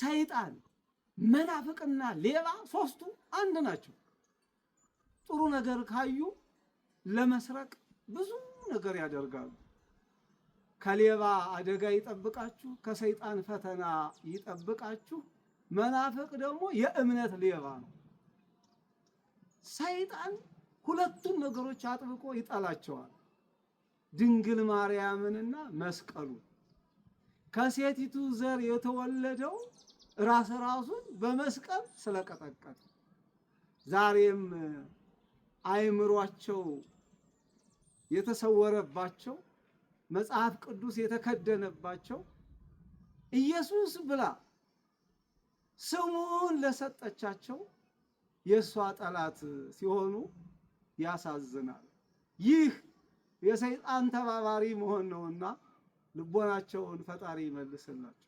ሰይጣን፣ መናፍቅና ሌባ ሶስቱ አንድ ናቸው። ጥሩ ነገር ካዩ ለመስረቅ ብዙ ነገር ያደርጋሉ። ከሌባ አደጋ ይጠብቃችሁ፣ ከሰይጣን ፈተና ይጠብቃችሁ። መናፍቅ ደግሞ የእምነት ሌባ ነው። ሰይጣን ሁለቱን ነገሮች አጥብቆ ይጠላቸዋል፣ ድንግል ማርያምንና መስቀሉ ከሴቲቱ ዘር የተወለደው ራስ ራሱን በመስቀል ስለቀጠቀጠ ዛሬም አይምሯቸው የተሰወረባቸው መጽሐፍ ቅዱስ የተከደነባቸው ኢየሱስ ብላ ስሙን ለሰጠቻቸው የእሷ ጠላት ሲሆኑ ያሳዝናል። ይህ የሰይጣን ተባባሪ መሆን ነውና ልቦናቸውን ፈጣሪ ይመልስላቸው።